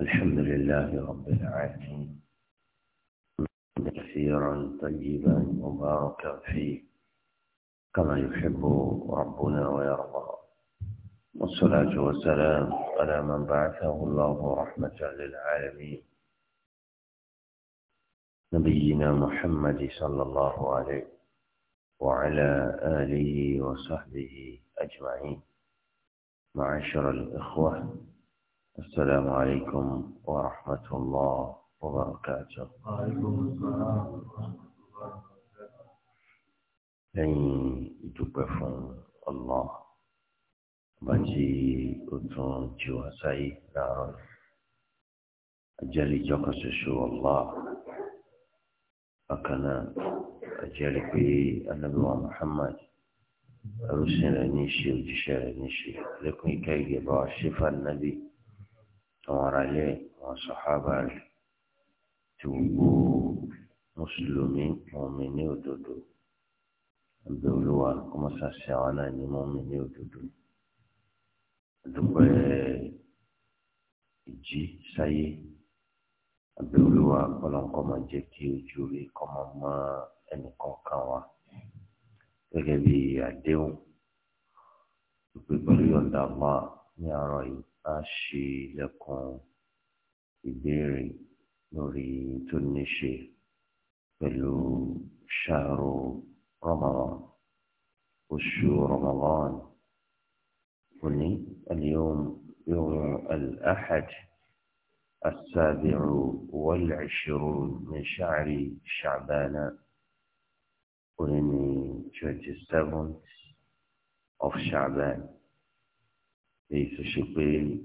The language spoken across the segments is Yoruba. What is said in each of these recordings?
الحمد لله رب العالمين كثيرا طيبا مباركا فيه كما يحب ربنا ويرضى والصلاة والسلام على من بعثه الله رحمة للعالمين نبينا محمد صلى الله عليه وعلى آله وصحبه أجمعين معاشر الإخوة السلام عليكم ورحمة الله وبركاته وعليكم السلام ورحمة الله وبركاته لن تبفن الله أجلي جوكس شو الله أكنا أجلي بي النبي محمد أرسلني شيء وجشار شيء لكن كي يبقى شفا النبي àwọn ará ilé àwọn sàhábà rẹ̀ tí gbogbo mùsùlùmí mọ̀mí ní òdodo ẹgbẹ́ olúwa kọ́mọ́sáàsì àwọn náà ní mọ̀mí ní òdodo dúpẹ́ ìjí sáyé ẹgbẹ́ olúwa kọ́lọ́nkọ́ máa jẹ́ kí ojú rí kọ́ máa ẹnìkan kan wa gẹ́gẹ́ bí àdéhùn ìpè yọ̀ǹda máa. ní àárọ̀ yìí a ṣe lẹ́kùn ìbéèrè lórí tó ní ṣe pẹ̀lú ṣàrò ṣàrò oṣù oṣù òní اليوم يوم الأحد السابع والعشرون من شهر شعبان òní 27th of Sha'ban èyí tó ṣe pé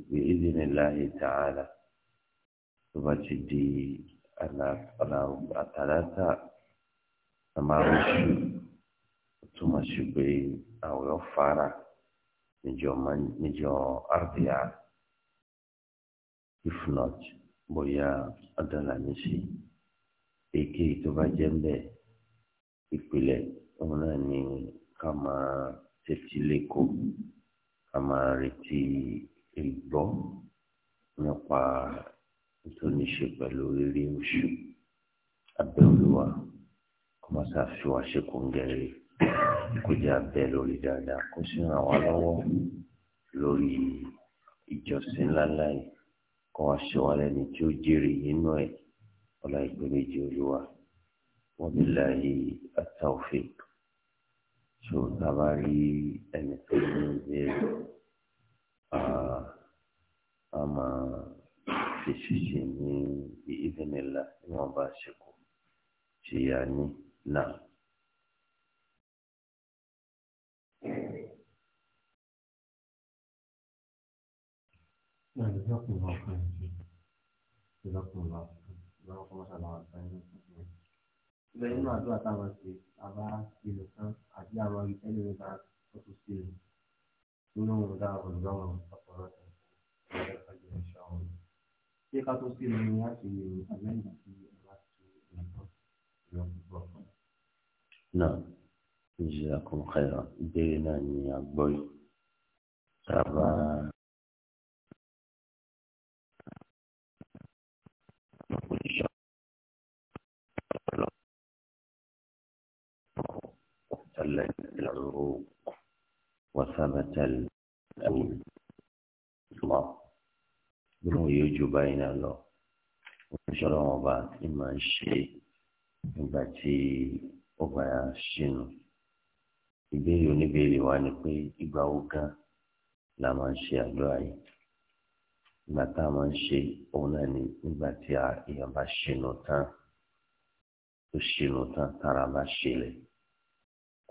bi'idhnillahi ta'ala tó bá ti di àtàlátà àmàlùsù a túmọ̀ sí pé àwẹ̀ ọ̀fara níjọ àrùbíà if not bóyá ọ̀dọ́là ní sí èké tó bá jẹ́ bẹ́ẹ̀ ìpìlẹ̀ òun náà ni ká máa ká máa retí ìgbọ́ nípa tó ní ṣe pẹ̀lú rírí oṣù abẹ́ olúwa kó má ṣàfi wá ṣe kóńgẹ́rẹ́ kó jẹ́ abẹ́ lórí dáadáa kó sì ràn wá lọ́wọ́ lórí ìjọsìn ńláńlá yìí kó wá ṣe wá lẹ́ni tí ó jèrè nínú ẹ̀ ọlá méjì olúwa wa billahi at-tawfiq so taba rí ẹni tó ní ìbéèrè a máa fi ṣiṣẹ́ ní ìdílélà níwọ̀n bá ṣekú ṣe yá ní náà. Lẹ́yìn náà, àdúrà táwọn ṣe, àbá ìlú kan from any that so to see no that was wrong for ṣé ká tó sí ni wọ́n ti amẹ́ńdà sí ẹ̀rọ àti ẹ̀rọ ìrọ̀ púpọ̀. náà ìṣe àkọkọ̀yà ìbéèrè náà ni a gbọ́ yìí tá a bá. Thank you. ولت العروق وثبت الأول الله بنو يوجو بين الله وشرع بعد إما الشيء التي أبا شنو ìbéèrè oníbéèrè wa ni pé ìgbà wo gan la máa ń ṣe àdúrà yìí ìgbà tá a máa ń ṣe òun náà ni nígbà tí èèyàn bá ṣinú tán tó ṣinú tán tára bá ṣẹlẹ̀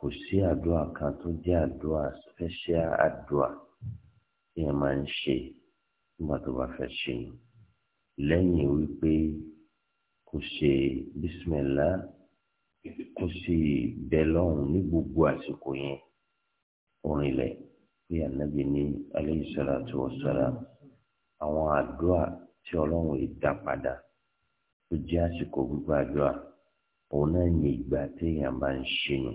kò sí àdúrà kan tó jẹ́ àdúrà special àdúrà tí ẹ máa ń ṣe nígbà tó bá fẹ́ ṣe lẹ́yìn wípé kò ṣe bísímẹ́lá kò sì bẹ lọ́hùn ní gbogbo àsìkò yẹn orin lẹ̀ pé ànábì ní alayhi salatu wassalam àwọn àdúrà tí ọlọ́run yìí padà tó jẹ́ àsìkò gbogbo àdúrà òun náà ní ìgbà téèyàn bá ń ṣinú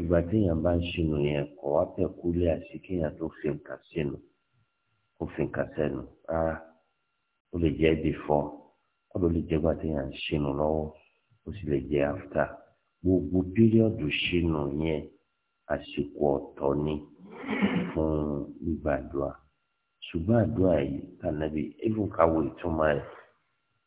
ìgbà téèyàn bá ń ṣinú yẹn kò wá tẹ̀kúlé àti kéèyàn tó fi nǹkan sínú kó fi nǹkan sẹ́nu rárá ó lè jẹ́ before ó lè jẹ́ ìgbà téèyàn ń ṣinú lọ́wọ́ ó sì lè jẹ́ after gbogbo píríọ̀dù ṣinú yẹn àsìkò ọ̀tọ̀ ni fún gbígbàdúrà ṣùgbọ́n àdúrà yìí tànàbí even káwọ ìtumọ̀ rẹ̀.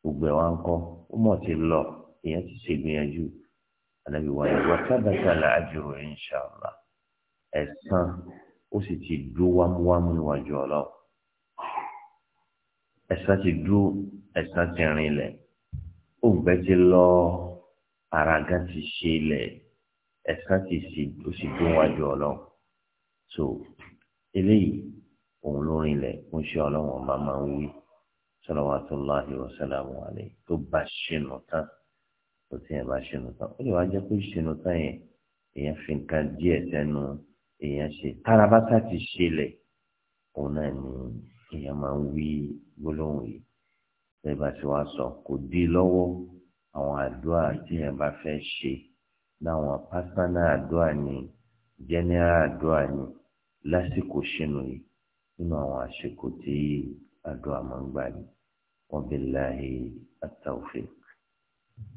gbogbo ẹ̀ wá ń kọ́ ó mọ̀ ti lọ èèyàn ti ṣègbìyànjú ànábì wáyé wá sábàtà làájúrò inṣàlá ẹ̀san ó sì ti dúró wámúwámú níwájú ọlọ́run ẹ̀san ti dúró ẹ̀san ti rinlẹ̀ òǹgbẹ ti lọ ara gan ti ṣe ilẹ̀ ẹ̀san ti sì ó sì dúró wájú ọlọ́run so eléyìí òun ló rinlẹ̀ ń ṣe ọlọ́run ọba máa ń wí salawatullahi wa salamu tó bá ṣinú tán tó ti yẹn bá ṣinú tán ó lè wá jẹ́ pé ṣinú tán yẹn èèyàn fi nǹkan díẹ̀ sẹ́nu èèyàn ṣe tárabátà ti ṣẹlẹ̀ òun náà ni èèyàn máa ń wí gbólóhùn yìí bẹ́ẹ̀ bá ti wá sọ kò dí lọ́wọ́ àwọn àdúrà tí èèyàn bá fẹ́ ṣe láwọn pásánà àdúrà ni jẹ́nẹ́rà àdúrà ni lásìkò ṣinú yìí nínú àwọn àsìkò tí àdúrà máa ń gbà ni. وبالله التوفيق